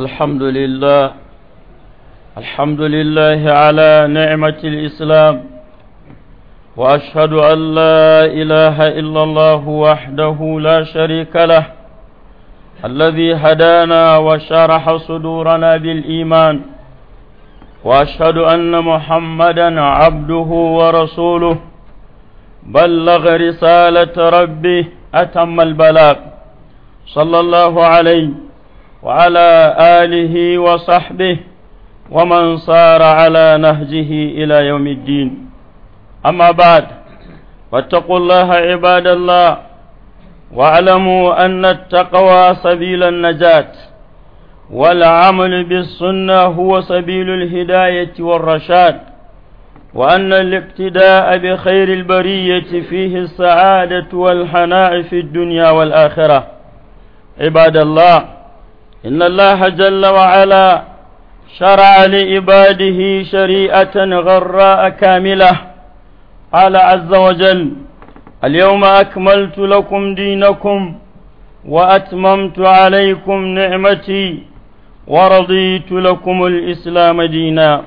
الحمد لله الحمد لله على نعمة الإسلام وأشهد أن لا إله إلا الله وحده لا شريك له الذي هدانا وشرح صدورنا بالإيمان وأشهد أن محمدا عبده ورسوله بلغ رسالة ربه أتم البلاغ صلى الله عليه وعلى آله وصحبه ومن صار على نهجه إلى يوم الدين أما بعد فاتقوا الله عباد الله واعلموا أن التقوى سبيل النجاة والعمل بالسنة هو سبيل الهداية والرشاد وأن الاقتداء بخير البرية فيه السعادة والحناء في الدنيا والآخرة عباد الله إن الله جل وعلا شرع لعباده شريعة غراء كاملة قال عز وجل اليوم أكملت لكم دينكم وأتممت عليكم نعمتي ورضيت لكم الإسلام دينا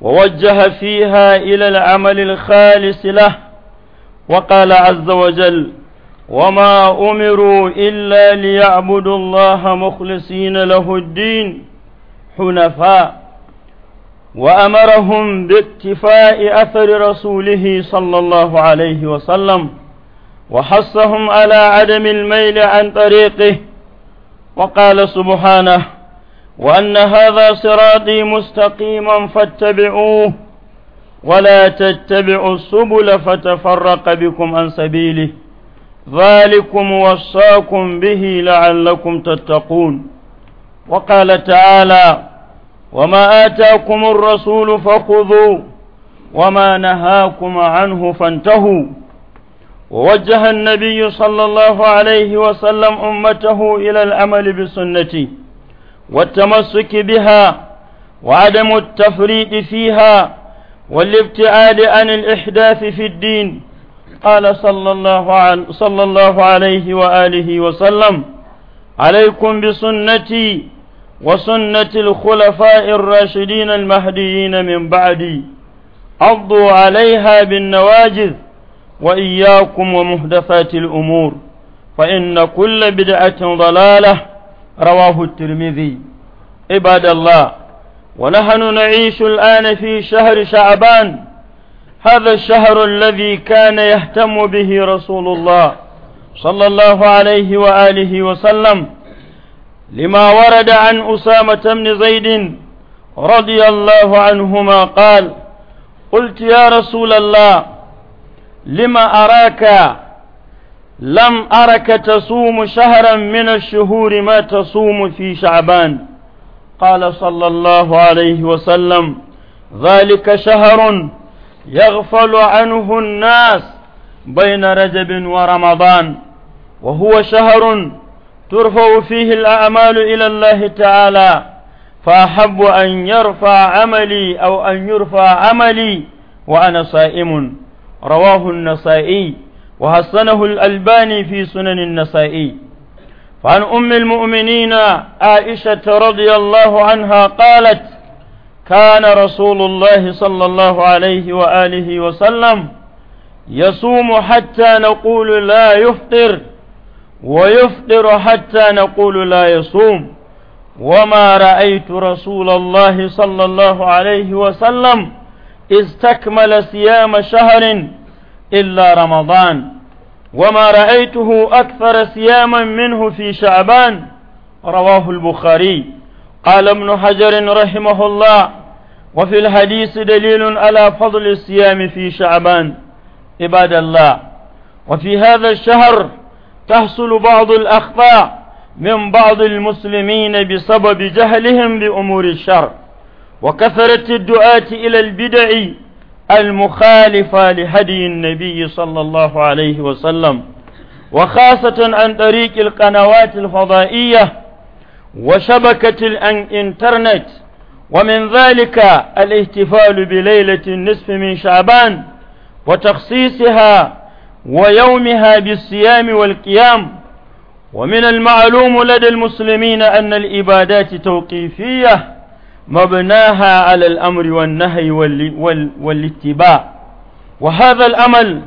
ووجه فيها إلى العمل الخالص له وقال عز وجل وما أمروا إلا ليعبدوا الله مخلصين له الدين حنفاء وأمرهم باقتفاء أثر رسوله صلى الله عليه وسلم وحثهم على عدم الميل عن طريقه وقال سبحانه وأن هذا صراطي مستقيما فاتبعوه ولا تتبعوا السبل فتفرق بكم عن سبيله ذلكم وصاكم به لعلكم تتقون وقال تعالى وما آتاكم الرسول فخذوا وما نهاكم عنه فانتهوا ووجه النبي صلى الله عليه وسلم أمته إلى العمل بسنته والتمسك بها وعدم التفريط فيها والابتعاد عن الإحداث في الدين قال صلى الله, عن صلى الله عليه وآله وسلم عليكم بسنتي وسنة الخلفاء الراشدين المهديين من بعدي عضوا عليها بالنواجذ وإياكم ومهدفات الأمور فإن كل بدعة ضلالة رواه الترمذي عباد الله ونحن نعيش الآن في شهر شعبان هذا الشهر الذي كان يهتم به رسول الله صلى الله عليه وآله وسلم لما ورد عن أسامة بن زيد رضي الله عنهما قال قلت يا رسول الله لما أراك لم أرك تصوم شهرا من الشهور ما تصوم في شعبان قال صلى الله عليه وسلم ذلك شهر يغفل عنه الناس بين رجب ورمضان وهو شهر ترفع فيه الأعمال إلى الله تعالى فأحب أن يرفع عملي أو أن يرفع عملي وأنا صائم رواه النسائي وحسنه الألباني في سنن النسائي فعن أم المؤمنين عائشة رضي الله عنها قالت كان رسول الله صلى الله عليه وآله وسلم يصوم حتى نقول لا يفطر ويفطر حتى نقول لا يصوم وما رأيت رسول الله صلى الله عليه وسلم استكمل صيام شهر إلا رمضان وما رأيته أكثر صياما منه في شعبان رواه البخاري قال ابن حجر رحمه الله وفي الحديث دليل على فضل الصيام في شعبان عباد الله وفي هذا الشهر تحصل بعض الأخطاء من بعض المسلمين بسبب جهلهم بأمور الشر وكثرة الدعاة إلى البدع المخالفة لهدي النبي صلى الله عليه وسلم وخاصة عن طريق القنوات الفضائية وشبكة الانترنت ومن ذلك الاحتفال بليلة النصف من شعبان وتخصيصها ويومها بالصيام والقيام ومن المعلوم لدى المسلمين أن الإبادات توقيفية مبناها على الأمر والنهي والاتباع وهذا الأمل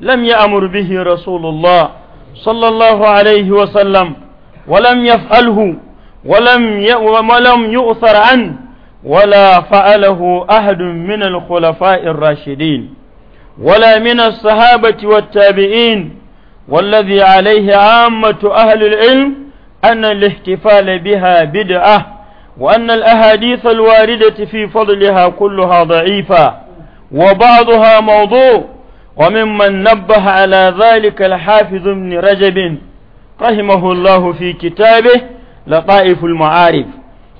لم يأمر به رسول الله صلى الله عليه وسلم ولم يفعله ولم ولم يؤثر عنه ولا فعله أحد من الخلفاء الراشدين ولا من الصحابة والتابعين والذي عليه عامة أهل العلم أن الاحتفال بها بدعة وأن الأحاديث الواردة في فضلها كلها ضعيفة وبعضها موضوع وممن نبه على ذلك الحافظ ابن رجب رحمه الله في كتابه لطائف المعارف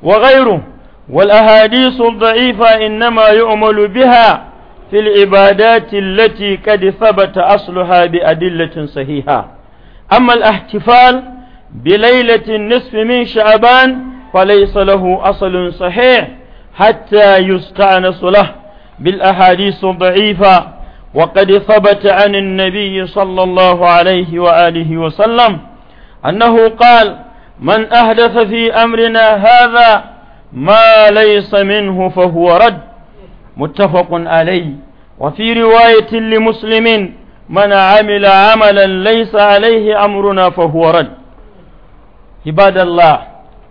وغيره والأحاديث الضعيفة إنما يؤمل بها في العبادات التي قد ثبت أصلها بأدلة صحيحة أما الاحتفال بليلة النصف من شعبان فليس له أصل صحيح حتى يستأنس له بالأحاديث الضعيفة وقد ثبت عن النبي صلى الله عليه وآله وسلم أنه قال من أحدث في أمرنا هذا ما ليس منه فهو رد متفق عليه وفي رواية لمسلم من عمل عملا ليس عليه أمرنا فهو رد عباد الله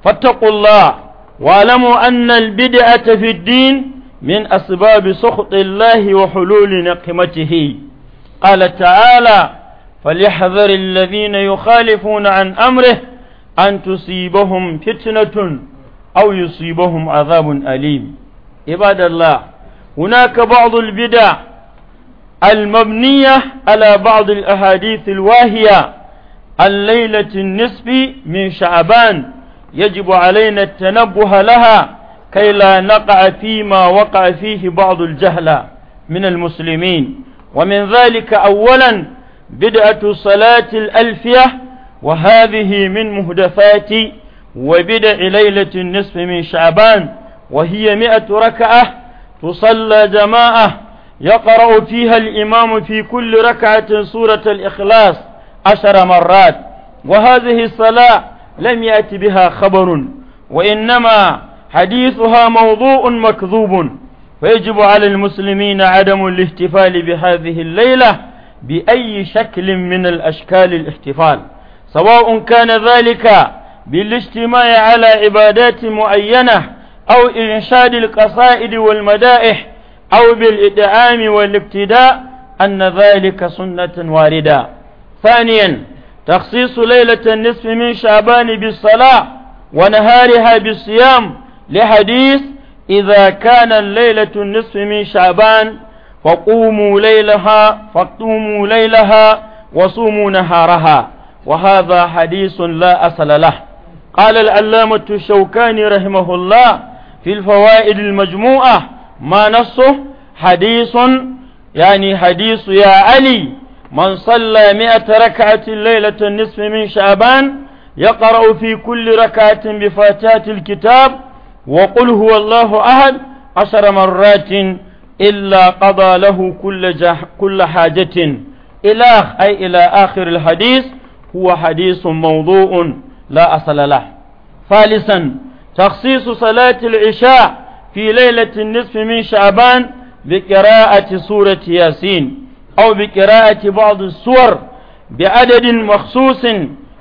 فاتقوا الله واعلموا أن البدعة في الدين من أسباب سخط الله وحلول نقمته قال تعالى فليحذر الذين يخالفون عن أمره أن تصيبهم فتنة أو يصيبهم عذاب أليم عباد الله هناك بعض البدع المبنية على بعض الأحاديث الواهية الليلة النصف من شعبان يجب علينا التنبه لها كي لا نقع فيما وقع فيه بعض الجهلة من المسلمين ومن ذلك أولا بدعة صلاة الألفية وهذه من مهدفات وبدع ليلة النصف من شعبان وهي مئة ركعة تصلى جماعة يقرأ فيها الإمام في كل ركعة سورة الإخلاص عشر مرات وهذه الصلاة لم يأت بها خبر وإنما حديثها موضوع مكذوب فيجب على المسلمين عدم الاحتفال بهذه الليلة بأي شكل من الأشكال الاحتفال سواء كان ذلك بالاجتماع على عبادات معينة أو إنشاد القصائد والمدائح أو بالإدعام والابتداء أن ذلك سنة واردة ثانيا تخصيص ليلة النصف من شعبان بالصلاة ونهارها بالصيام لحديث إذا كان الليلة النصف من شعبان فقوموا ليلها فقوموا ليلها وصوموا نهارها وهذا حديث لا أصل له قال العلامة الشوكاني رحمه الله في الفوائد المجموعة ما نصه حديث يعني حديث يا علي من صلى مئة ركعة ليلة النصف من شعبان يقرأ في كل ركعة بفاتحة الكتاب وقل هو الله أحد عشر مرات إلا قضى له كل, جح كل حاجة إلى أي إلى آخر الحديث هو حديث موضوع لا أصل له ثالثا تخصيص صلاة العشاء في ليلة النصف من شعبان بقراءة سورة ياسين أو بقراءة بعض السور بعدد مخصوص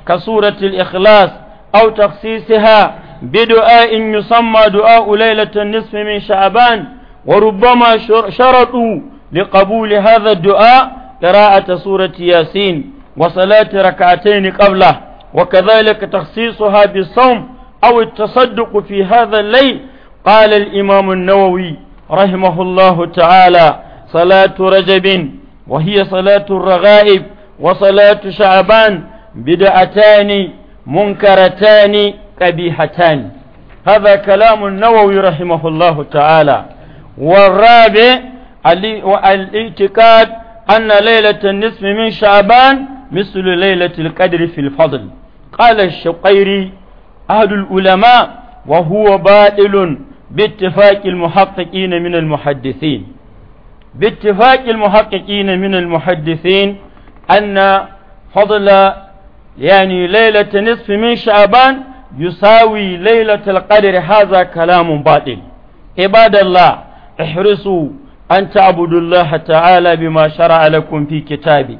كسورة الإخلاص أو تخصيصها بدعاء يسمى دعاء ليلة النصف من شعبان وربما شرطوا لقبول هذا الدعاء قراءة سورة ياسين وصلاة ركعتين قبله وكذلك تخصيصها بالصوم أو التصدق في هذا الليل قال الإمام النووي رحمه الله تعالى صلاة رجب وهي صلاة الرغائب وصلاة شعبان بدعتان منكرتان قبيحتان هذا كلام النووي رحمه الله تعالى والرابع الاعتقاد أن ليلة النصف من شعبان مثل ليلة القدر في الفضل قال الشقيري أهل العلماء وهو باطل باتفاق المحققين من المحدثين باتفاق المحققين من المحدثين أن فضل يعني ليلة نصف من شعبان يساوي ليلة القدر هذا كلام باطل عباد الله احرصوا أن تعبدوا الله تعالى بما شرع لكم في كتابه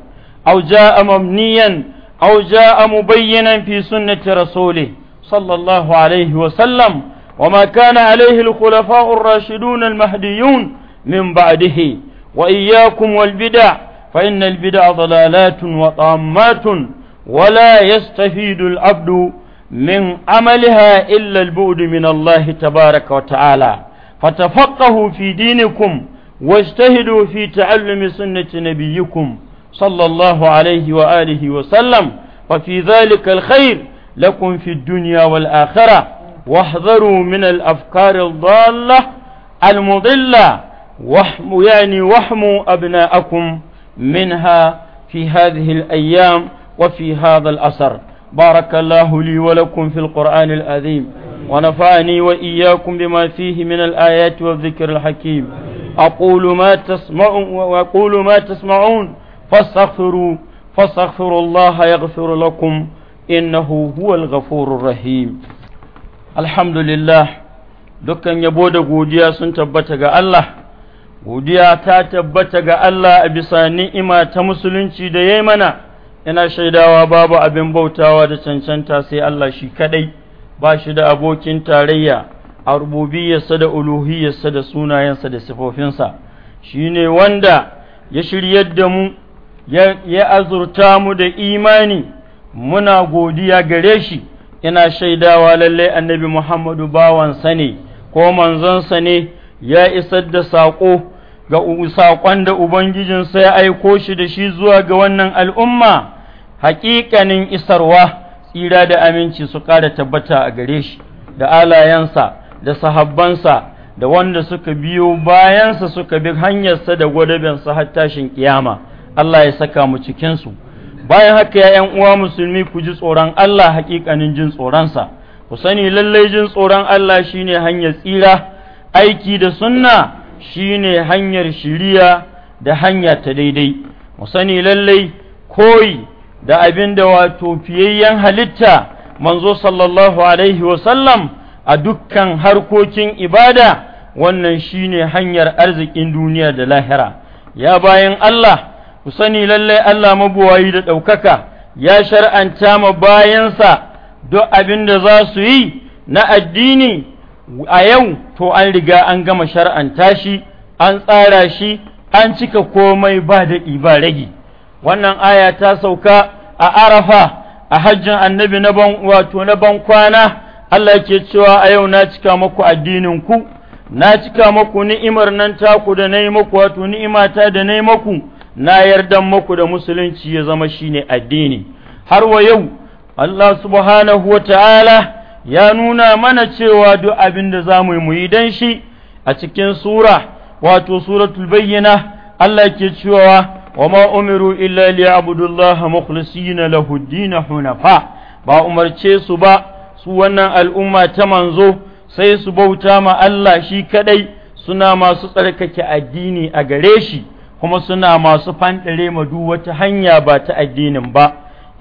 أو جاء ممنيا أو جاء مبينا في سنة رسوله صلى الله عليه وسلم وما كان عليه الخلفاء الراشدون المهديون من بعده وإياكم والبدع فإن البدع ضلالات وطامات ولا يستفيد العبد من عملها إلا البعد من الله تبارك وتعالى فتفقهوا في دينكم واجتهدوا في تعلم سنة نبيكم صلى الله عليه وآله وسلم وفي ذلك الخير لكم في الدنيا والآخرة واحذروا من الأفكار الضالة المضلة وحموا يعني وحموا أبناءكم منها في هذه الأيام وفي هذا الأثر بارك الله لي ولكم في القرآن العظيم ونفعني وإياكم بما فيه من الآيات والذكر الحكيم أقول ما تسمعون وأقول ما تسمعون فاستغفروا فاستغفروا الله يغفر لكم إنه هو الغفور الرحيم الحمد لله dukkan yabo da godiya sun tabbata ga Allah godiya ta tabbata ga Allah a bisa ni'ima ta musulunci da yayi mana ina shaidawa babu abin bautawa da cancanta sai Allah shi kaɗai, ba shi da abokin tarayya a rububiyarsa da uluhiyarsa da sunayensa da sifofinsa ne wanda ya shiryar da mu ya azurta mu da imani muna godiya gare shi ina shaidawa lallai annabi Muhammadu bawansa ne ko manzonsa ne ya isar da saƙo ga saƙon da Ubangijinsa ya aiko shi da shi zuwa ga wannan al'umma haƙiƙanin isarwa tsira da aminci su ƙara tabbata a gare shi da alayensa da sahabbansa da wanda suka biyo bayansa suka bi hanyarsa da gwadabinsa har tashin ƙiyama. Allah ya saka mu cikinsu bayan haka ya ‘yan uwa musulmi ku ji tsoron Allah hakikanin jin tsoronsa ku sani lallai jin tsoron Allah shine hanyar tsira aiki da sunna shine hanyar shiriya da hanya ta daidai ku sani lallai koyi da abin da wato fiyayyen halitta manzo sallallahu alaihi wasallam a dukkan harkokin ibada wannan shine hanyar arzikin duniya da lahira ya bayan Allah ku sani lallai Allah mabuwayi da ɗaukaka ya shar'anta ma bayansa duk abin da za su yi na addini a yau to an riga an gama shar'anta shi an tsara shi an cika komai ba da ba ragi wannan aya ta sauka a arafa a hajjin annabi na ban wato na ban kwana Allah ke cewa a yau na cika maku addinin ku na cika maku ni'imar nan taku da na yi muku wato ni'imata da na yi muku na yarda muku da musulunci ya zama shine addini har wa yau Allah subhanahu wa ta'ala ya nuna mana cewa duk abin da za mu yi dan shi a cikin sura wato suratul bayyana Allah ke cewa wa ma umiru illa liya'budullaha mukhlisina lahu hunafa ba umarce su ba su wannan al'umma ta manzo sai su bauta ma Allah shi kadai suna masu tsarkake addini a gare shi kuma suna masu fanɗare ma duk wata hanya ba ta addinin ba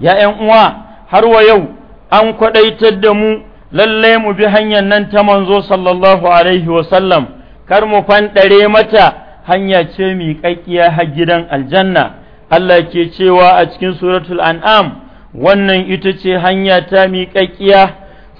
'ya'yan uwa har wa yau an kwaɗaitar da mu lalle mu bi hanyar nan ta manzo sallallahu alaihi wa sallam kar mu fanɗare mata hanya ce miƙaƙƙiya har gidan aljanna Allah ke cewa a cikin suratul an'am wannan ita ce hanya ta miƙaƙƙiya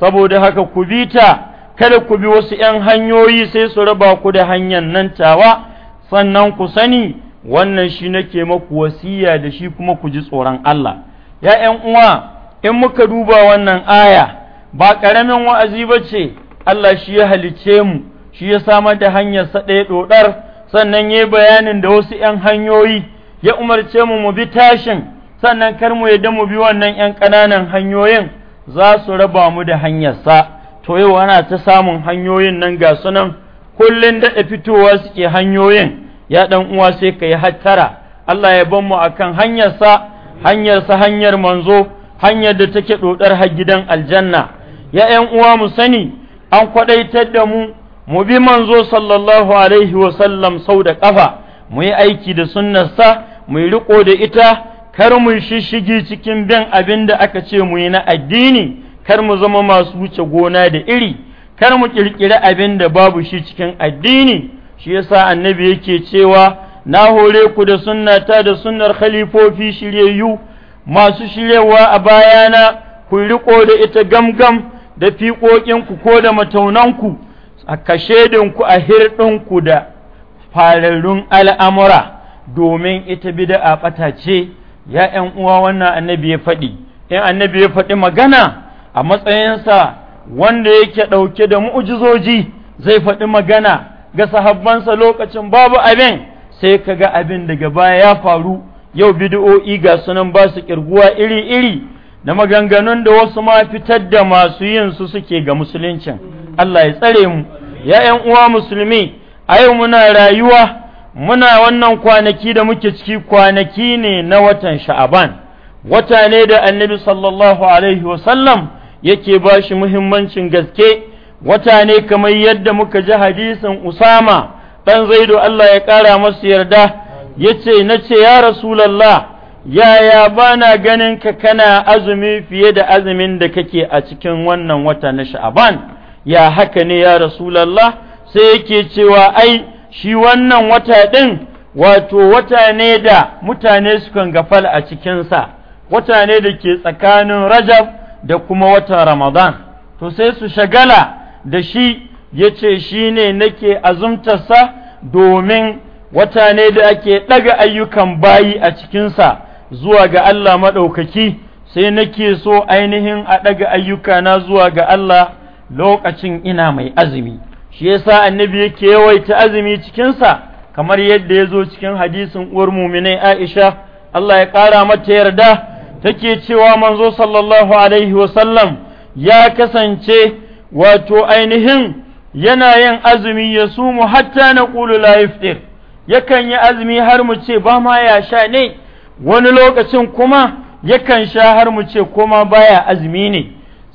saboda haka ku bi ta kada ku bi wasu ’yan hanyoyi sai su raba ku da hanyar nan tawa sannan ku sani wannan shi nake maku wasiya da shi kuma ku ji tsoron Allah ya ’yan uwa in muka duba wannan aya ba ƙaramin wa'azi ba ce Allah shi ya halice mu shi ya samar da hanyar sa ɗaya ɗoɗar sannan ya bayanin da wasu ’yan hanyoyi ya umarce mu mu bi tashin sannan kar mu yadda mu bi wannan ’yan ƙananan hanyoyin za su raba mu da hanyarsa to yau ana ta samun hanyoyin nan ga sunan kullum daɗa fitowa suke hanyoyin ya ɗan uwa sai ka yi hattara Allah ya ban mu kan hanyarsa hanyarsa hanyar manzo hanyar da take ɗoɗar har gidan aljanna ya ‘yan uwa mu sani an kwaɗaitar da mu mu bi manzo sallallahu alaihi wasallam sau da ƙafa mu yi aiki da sunnarsa mu yi riƙo da ita kar mu shishigi cikin bin abin da aka ce mu yi na addini kar mu zama masu wuce gona da iri kar mu ƙirƙiri abin da babu shi cikin addini shi yasa annabi yake cewa na hore ku da sunnata da sunnar khalifofi shiryayyu masu shiryawa a bayana ku riko da ita gamgam da fiƙoƙinku ko da mataunanku a kashedinku a hirɗinku da fararrun al'amura domin ita bida a ce ya ’yan uwa wannan annabi ya faɗi in annabi ya faɗi magana a matsayinsa wanda yake ɗauke da mu'ujizoji zai faɗi magana ga sahabbansa lokacin babu abin sai ka ga abin daga baya ya faru yau bid'o'i ga sunan ba su kirguwa iri-iri na maganganun da wasu ma fitar da masu yin su suke ga musuluncin Allah ya tsare mu ya ƴan uwa musulmi a yau muna rayuwa muna wannan kwanaki da muke ciki kwanaki ne na watan sha'aban wata ne da annabi sallallahu alaihi wasallam yake ba shi muhimmancin gaske wata ne kamar yadda muka ji hadisin Usama ɗan Zaidu Allah ya ƙara masa yarda yace nace ya Rasulullah yaya bana ganin ka kana azumi fiye da azumin da kake a cikin wannan wata na Sha'aban ya haka ne ya Rasulullah sai yake cewa ai shi wannan wata ɗin wato wata ne da mutane sukan gafal a cikinsa wata ne da ke tsakanin Rajab da kuma watan Ramadan to sai su shagala da shi ya ce shi ne nake azumtarsa domin wata ne da ake ɗaga ayyukan bayi a cikinsa zuwa ga Allah maɗaukaki sai nake so ainihin a ɗaga ayyukana zuwa ga Allah lokacin ina mai azumi shi yasa annabi yake yawaita azumi cikinsa kamar yadda ya zo cikin hadisin uwar muminai Aisha Allah ya ƙara mata yarda take cewa manzo sallallahu alaihi wasallam ya kasance wato ainihin yana yin azumi ya sumu hatta na ƙulu laifir yakan yi azumi har mu ce ba ma ya sha ne wani lokacin kuma yakan sha har mu ce koma baya azumi ne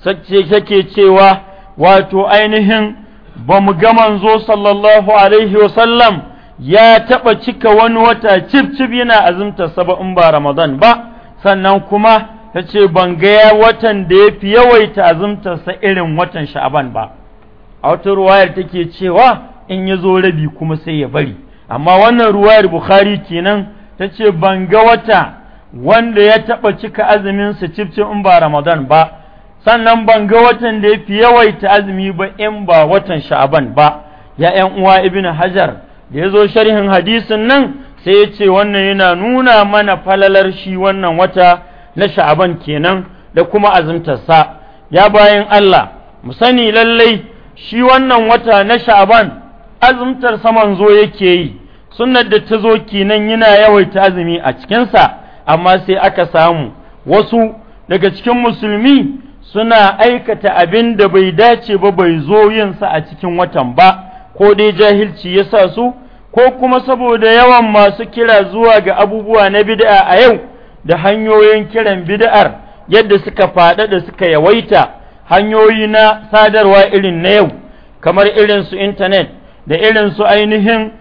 sace yake cewa wato ainihin ba mu ga manzo sallallahu alaihi wasallam ya taɓa cika wani wata cif cif yana azumta saba'in ba ramadan ba sannan kuma ta ce ban ga watan da ya fi yawaita azumtarsa irin watan sha'aban ba a wata ruwayar take cewa in ya zo rabi kuma sai ya bari amma wannan ruwayar bukhari kenan ta ce ban ga wata wanda ya taɓa cika azumin azuminsa cifcin in ba ramadan ba sannan ban ga watan da ya fi yawaita azumi ba in ba watan sha'aban ba ya ‘yan uwa ibn hajar da ya zo sharhin hadisin nan sai ya ce wannan yana nuna mana falalar shi wannan wata na sha'aban kenan da kuma azumtarsa ya bayan Allah mu sani lallai shi wannan wata na sha'aban azumtar saman zo yake yi sunnar da ta zo kenan yana yawaita azumi a cikinsa amma sai aka samu wasu daga cikin musulmi suna aikata abin da bai dace ba bai zo yinsa a cikin watan ba ko dai jahilci ya sa su ko kuma saboda yawan masu kira zuwa ga abubuwa na bid'a a yau da hanyoyin kiran bid'ar yadda suka faɗa da suka yawaita hanyoyi na sadarwa irin na yau kamar irin su intanet da irin su ainihin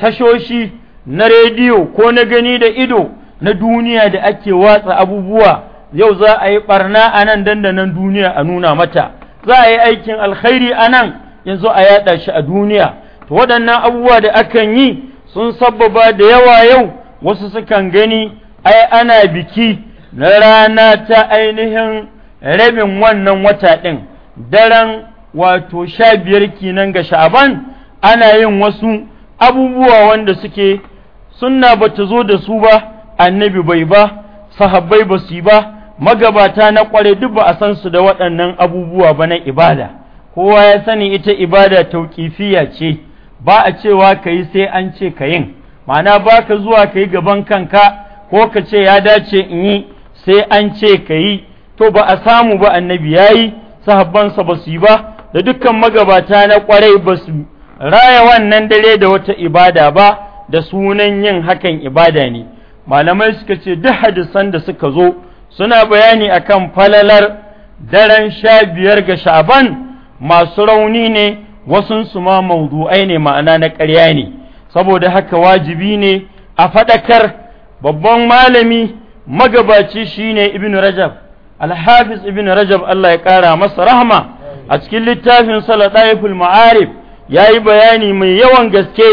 tashoshi na rediyo ko na gani da ido na duniya da ake watsa abubuwa yau za a yi barna a nan dandanan duniya a nuna mata za a yi aikin alkhairi a nan yanzu a yaɗa shi a duniya to waɗannan abubuwa da akan yi sun sabbaba da yawa yau wasu sukan gani ai ana biki na rana ta ainihin rabin wannan wata ɗin daren wato sha biyar kinan ga sha'aban ana yin wasu abubuwa wanda suke sunna ba ta zo da su ba annabi bai ba sahabbai ba su ba magabata na kware duk ba a san su da waɗannan abubuwa ba na ibada kowa ya sani ita ibada tauƙifiya ce ba a cewa ka yi sai an ce ka yin ma'ana ba ka zuwa ka yi gaban kanka ko ka ce ya dace in yi sai an ce ka yi to ba a samu ba annabi ya yi sahabbansa ba su yi ba da dukkan magabata na kwarai ba su raya wannan dare da wata ibada ba da sunan yin hakan ibada ne malamai suka ce duk hadisan da suka zo suna bayani akan falalar daren sha biyar ga sha'aban masu rauni ne wasunsu ma maudu'ai ne ma'ana na ƙarya ne saboda haka wajibi ne a faɗakar babban malami magabaci shine ibn rajab alhafiz ibn rajab Allah ya kara masa rahma a cikin littafin salataiful ma'arif ya yi bayani mai yawan gaske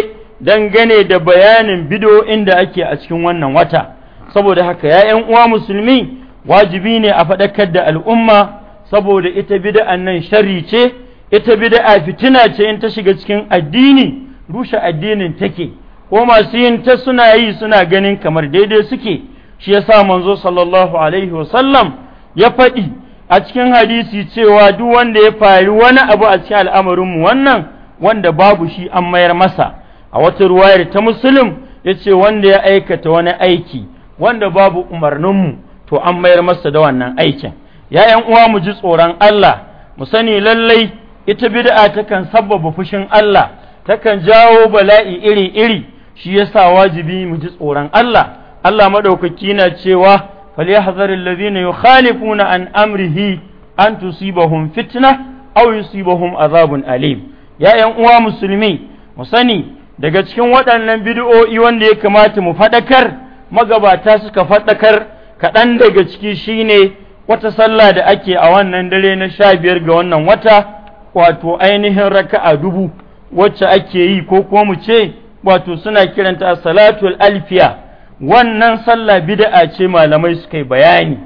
dangane da bayanin bido inda ake a cikin wannan wata saboda haka ya ‘yan uwa musulmi wajibi ne a faɗakar da al'umma saboda ita bid'a nan sharri ce ita bida'a fitina ce in ta shiga cikin addini rushe addinin take ko masu yin ta suna yi suna ganin kamar daidai suke shi ya sa manzo sallallahu alaihi wasallam ya faɗi a cikin hadisi cewa duk wanda ya faru wani abu a cikin al'amarinmu wannan wanda babu shi an mayar masa a wata ruwayar ta musulun ya ce wanda ya aikata wani aiki wanda babu umarninmu to an mayar masa da wannan aikin Ya 'yan uwa mu ji tsoron Allah mu sani lallai ita bid'a takan sabbaba fushin Allah takan jawo bala'i iri-iri shi yasa wajibi mu ji tsoron Allah Allah madaukaki na cewa falyahzar allazina yukhalifuna an amrihi an tusibahum fitna aw yusibahum azabun alim ya yan uwa musulmi mu sani daga cikin waɗannan bid'o'i wanda ya kamata mu faɗakar magabata suka faɗakar kaɗan daga ciki shine wata sallah da ake a wannan dare na sha biyar ga wannan wata wato ainihin raka'a dubu wacce ake yi ko kuma mu ce wato suna kiranta salatul alfiya wannan sallah bid'a ce malamai suka bayani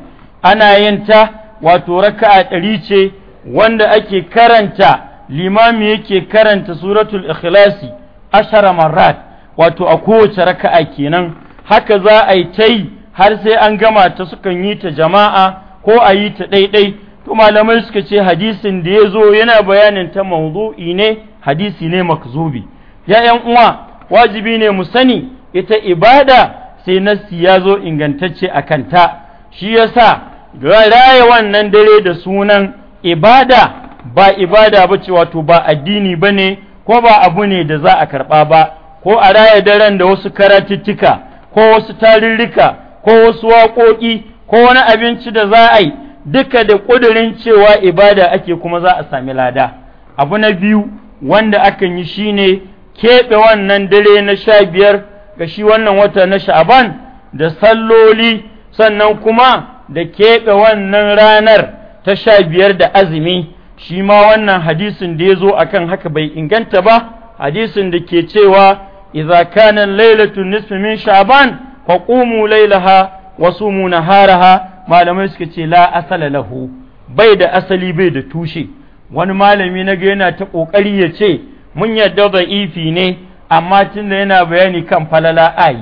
ana yin ta wato raka'a ɗari ce wanda ake karanta limami yake karanta suratul ikhlasi ashara marrat wato a kowace raka'a kenan haka za a yi ta yi har sai an gama ta sukan yi ta jama'a ko a yi ta ɗaiɗai to malamai suka ce hadisin da ya zo yana bayanin ta mawdu'i ne hadisi ne makzubi ya uwa wajibi ne mu sani ita ibada sai nassi ya zo ingantacce a kanta shi ya yasa raya wannan dare da sunan ibada ba ibada ba ce wato ba addini ba ne ko ba abu ne da za a karɓa ba ko a raya daren da wasu karatuttuka ko wasu tarirrika ko wasu waƙoƙi ko wani abinci da za a yi duka da ƙudurin cewa ibada ake kuma za a sami lada abu na biyu wanda akan yi shine keɓe wannan dare na sha biyar ga shi wannan wata na sha'aban da salloli sannan kuma da keɓe wannan ranar ta sha biyar da azumi shi ma wannan hadisin da ya zo a kan haka bai inganta ba hadisin da ke cewa iza kana lailatu nisfi min sha'ban fa qumu lailaha wa sumu naharaha malamai suka ce la asala lahu bai da asali bai da tushe wani malami na ga yana ta kokari ya ce mun yadda da ifi ne amma tunda yana bayani kan falala ayi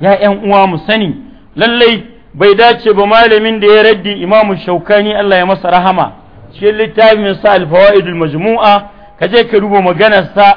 ya ƴan uwa mu sani lallai bai dace ba malamin da ya raddi imamu shaukani Allah ya masa rahama cikin littafin sa alfawaidul majmu'a kaje ka rubo sa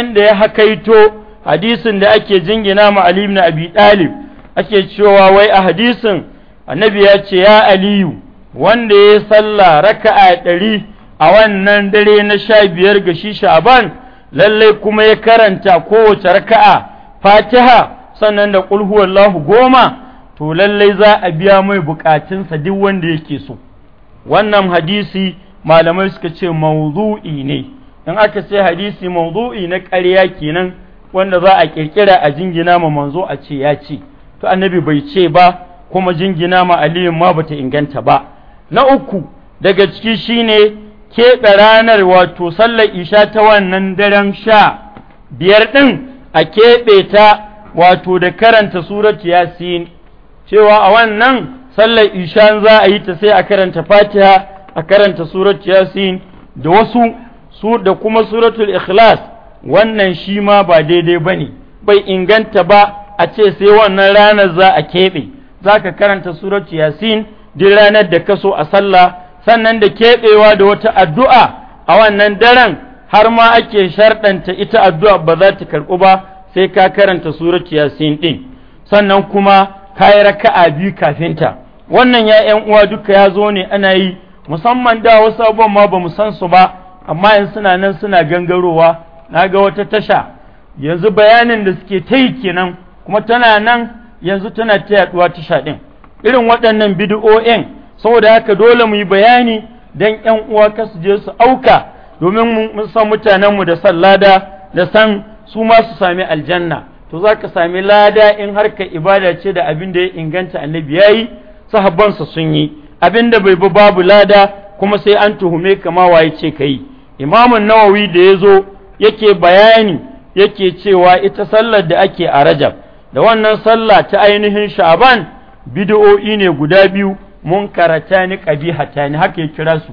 inda ya hakaito hadisin da ake jingina ma Ali ibn Abi Talib ake cewa wai a hadisin annabi ya ce ya Aliyu wanda ya sallah raka'a ɗari a wannan dare na sha biyar ga shi Sha'ban lallai kuma ya karanta kowace raka'a fatiha sannan da qul huwallahu goma to lallai za a biya mai bukatunsa duk wanda yake so wannan hadisi malamai suka ce mawdu'i ne in aka ce hadisi mawdu'i na ƙarya kenan wanda za a ƙirƙira a jingina ma manzo a ce ya ce to annabi bai ce ba kuma jingina ma Aliyu ma bata inganta ba na uku daga ciki shine keɓe ranar wato sallar isha ta wannan daren sha biyar ɗin a keɓe ta wato da karanta surat yasin cewa a wannan sallar isha za a yi ta sai a karanta fatiha a karanta surat yasin da wasu su da kuma suratul ikhlas wannan shi ma ba daidai ba ne bai inganta ba a ce sai wannan ranar za a keɓe za ka karanta surat yasin duk ranar da ka so a sallah sannan da keɓewa da wata addu'a a wannan daren har ma ake sharɗanta ita addu'a ba za ta karɓu ba sai ka karanta suratu yasin ɗin sannan kuma ka yi raka'a biyu kafinta wannan ya'yan uwa duka ya zo ne ana yi musamman da wasu abubuwan ma ba mu san su ba amma yanzu suna nan suna gangarowa na ga wata tasha yanzu bayanin da suke ta yi kenan kuma tana nan yanzu tana ta yaduwa tasha ɗin irin waɗannan bidiyo'in saboda haka dole mu yi bayani dan yan uwa ka su je su auka domin mun san mutanenmu da san lada da san su ma su sami aljanna to za ka sami lada in har ka ibada ce da abin da ya inganta annabi ya yi sahabbansa sun yi abin da bai ba babu lada kuma sai an tuhume kama waye ce ka yi imamun nawawi da ya zo yake bayani yake cewa ita sallar da ake a rajab da wannan sallah ta ainihin sha'aban bid'o'i ne guda biyu munkarata ni ta ni haka ya kira su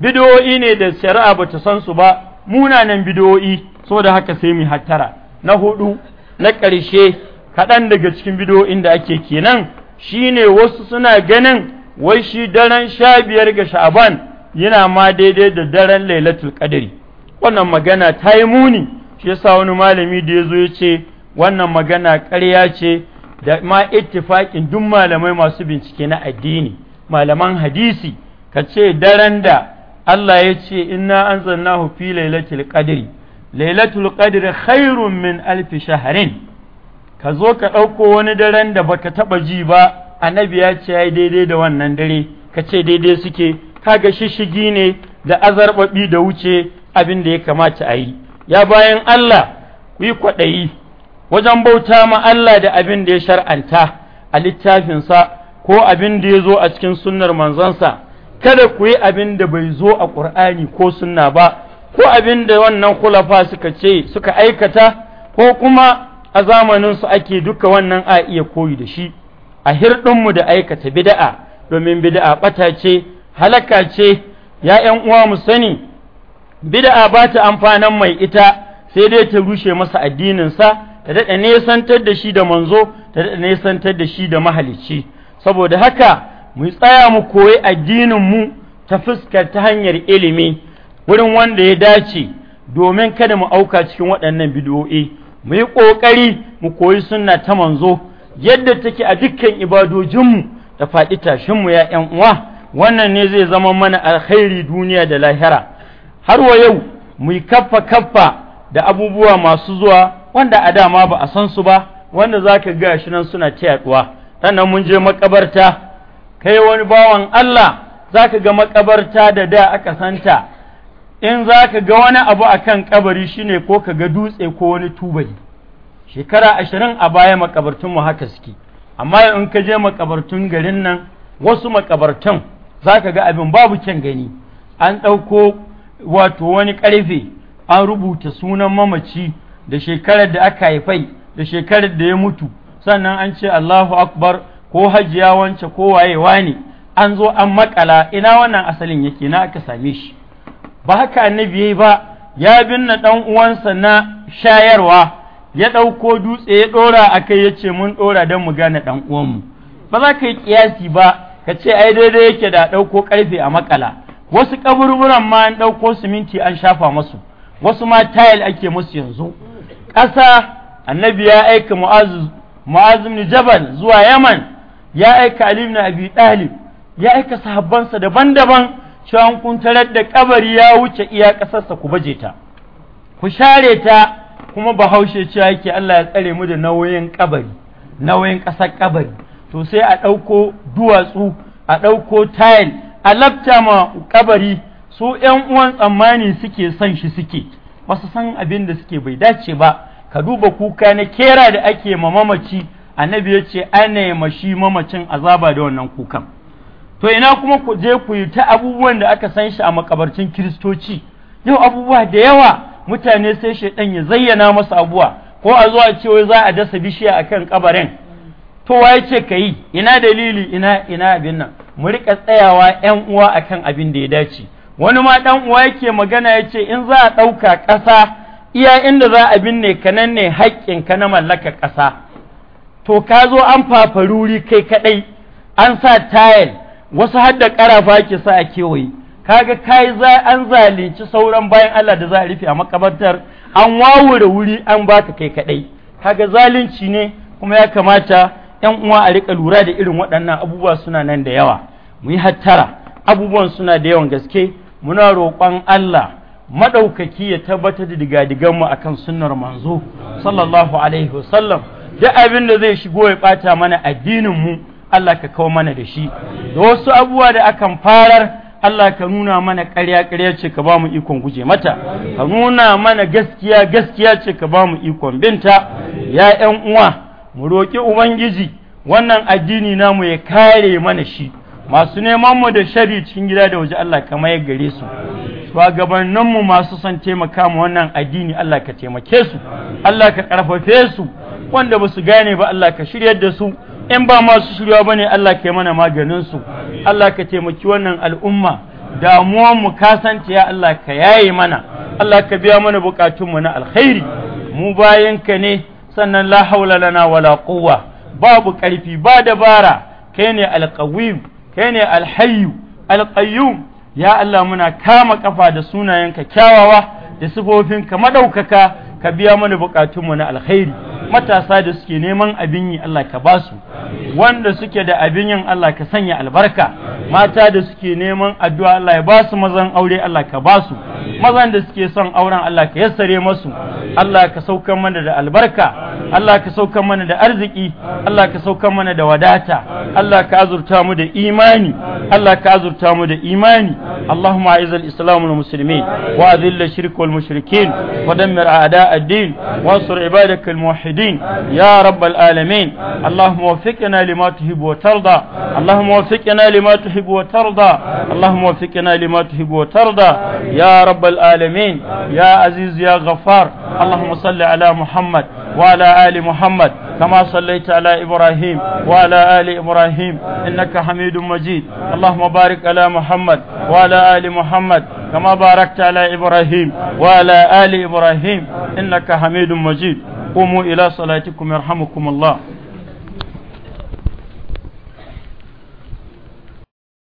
bidoyi ne da shari'a ba ta san su ba munanan bidoyi so da haka sai mu hattara na hudu na ƙarshe kaɗan daga cikin bidoyin da ake kenan shine wasu suna ganin wai shi daren sha biyar ga sha'aban yana ma daidai da daren lailatul qadri wannan magana ta yi muni shi yasa wani malami da ya zo ya ce wannan magana ƙarya ce da ma ittifaƙin duk malamai masu bincike na addini malaman hadisi ka ce daren da Allah ya ce inna anzalnahu fi lailatul qadri lailatul qadri khairun min alf shahrin ka zo ka ɗauko wani daren da baka taɓa ji ba annabi ya ce ai daidai da wannan dare ka ce daidai suke kaga shishigi ne da azarbabi da wuce abin da ya kamata a yi ya bayan Allah ku yi kwaɗayi wajen bauta ma Allah da abin da ya shar'anta a littafinsa ko abin da ya zo a cikin sunnar manzansa kada ku yi abin da bai zo a ƙur'ani ko sunna ba ko abin da wannan kulafa suka ce suka aikata ko kuma a zamaninsu ake duka wannan a iya koyi da shi a hirɗinmu da aikata bida'a domin bida'a ɓata ce halaka ce ya ‘yan uwa mu sani bida'a ba ta amfanan mai ita sai dai ta rushe masa addininsa ta daɗa nesantar da shi da manzo ta daɗa nesantar da shi da mahalicci saboda haka mu tsaya mu koyi addininmu ta fuskar ta hanyar ilimi wurin wanda ya dace domin kada mu auka cikin waɗannan bidiyo'i mu yi ƙoƙari mu koyi sunna ta manzo yadda take a dukkan ibadojinmu da faɗi tashinmu ya ‘yan uwa wannan ne zai zama mana alkhairi duniya da lahira har wa yau mu yi kaffa kaffa da abubuwa masu zuwa wanda a dama ba a san su ba wanda za ka ga shi nan suna ta yaduwa sannan mun je makabarta kai wani bawan Allah za ka ga makabarta da da aka santa in za ka ga wani abu a kan kabari shi ne ko ka ga dutse ko wani tubali shekara ashirin a baya mu haka suke amma in ka je makabartun garin nan wasu makabartan za ka ga abin babu kyan gani an ɗauko wato wani ƙarfe an rubuta sunan mamaci da shekarar da aka haifai da shekarar da ya mutu sannan an ce Allahu akbar ko hajiya wance ko wayewa ne an zo an makala ina wannan asalin yake na aka same shi ba haka annabi yayi ba ya binne dan uwansa na shayarwa ya ɗauko dutse ya ɗora a kai ya ce mun ɗora don mu gane ɗan uwanmu ba za ka yi ƙiyasi ba ka ce ai daidai yake da ɗauko ƙarfe a makala wasu kaburburan ma an ɗauko siminti an shafa masu wasu ma tayil ake musu yanzu ƙasa annabi ya aika mu'azim ni jabal zuwa yaman ya aika alim na abi ɗalib ya aika sahabbansa daban-daban cewa kun tarar da ƙabari ya wuce iya ƙasarsa ku baje ta ku share ta kuma bahaushe cewa yake Allah ya tsare mu da nauyin kabari nauyin ƙasar ƙabari. to sai a ɗauko duwatsu a ɗauko tayil a lafta ma ƙabari su ‘yan uwan tsammani suke son shi suke ba su san abin da suke bai dace ba ka duba kuka na kera da ake ma mamaci annabi ya ce ana ma shi mamacin azaba da wannan kukan to ina kuma ku je ku yi ta abubuwan da aka san shi a makabarcin kiristoci yau abubuwa da yawa mutane sai shaidan ya zayyana masa abuwa ko a zuwa cewa za a dasa bishiya akan kabarin to wa ya ce ka ina dalili ina ina abin nan mu rika tsayawa yan uwa akan abin da ya dace wani ma dan uwa yake magana yace in za a ɗauka ƙasa iya inda za a binne ka nan ne haƙƙinka na mallaka ƙasa to ka zo an fafaruri kai kaɗai an sa tayal wasu har da ƙarafa ke sa a kewaye kaga kai za an zalunci sauran bayan Allah da za a rufe a makabartar an wawure wuri an baka kai kaɗai kaga zalunci ne kuma ya kamata ‘yan uwa a riƙa lura da irin waɗannan abubuwa suna nan da yawa mu yi hattara abubuwan suna da yawan gaske muna roƙon Allah madaukaki ya tabbatar da digadigan mu akan sunnar manzo sallallahu alaihi wasallam duk abin da zai shigo ya bata mana addinin mu Allah ka kawo mana da shi da wasu abubuwa da akan farar Allah ka nuna mana ƙarya ƙarya ce ka ba mu ikon guje mata ka nuna mana gaskiya gaskiya ce ka ba mu ikon binta ya ƴan uwa mu roƙi ubangiji wannan addini namu ya kare mana shi masu neman mu da shari cikin gida da waje Allah ka maye gare su shugabannin mu masu son taimaka mu wannan addini Allah ka taimake su Allah ka karfafe su wanda ba su gane ba Allah ka shiryar da su in ba masu shirya bane Allah ka yi mana maganin su Allah ka taimaki wannan al'umma damuwan mu kasance ya Allah ka yaye mana Allah ka biya mana bukatun mu na alkhairi mu bayanka ne sannan la haula lana wala quwwa babu karfi ba dabara kai ne alqawim kai ne alhayyu alqayyum ya Allah muna kama ƙafa da sunayenka kyawawa da sifofinka madaukaka ka biya mana bukatunmu na alkhairi matasa da suke neman abin yi Allah ka ba su wanda suke da abin yin Allah ka sanya albarka mata da suke neman addu'a Allah ya ba su mazan aure Allah ka ba su mazan da suke son auren Allah ka yassare masu Allah ka saukar mana da albarka Allah ka saukar mana da arziki Allah ka saukar mana da wadata Allah ka azurta mu da imani Allah ka azurta mu da imani Allahumma a'izzal islam wal muslimin wa adhill shirk wal mushrikin wa dammir a'da الدين وانصر عبادك الموحدين يا رب العالمين اللهم وفقنا لما تحب وترضى اللهم وفقنا لما تحب وترضى اللهم وفقنا لما تحب وترضى يا رب العالمين يا عزيز يا غفار اللهم صل على محمد وعلى آل محمد كما صليت على إبراهيم وعلى آل إبراهيم إنك حميد مجيد اللهم بارك على محمد وعلى آل محمد كما باركت على إبراهيم وعلى آل إبراهيم إنك حميد مجيد قوموا إلى صلاتكم يرحمكم الله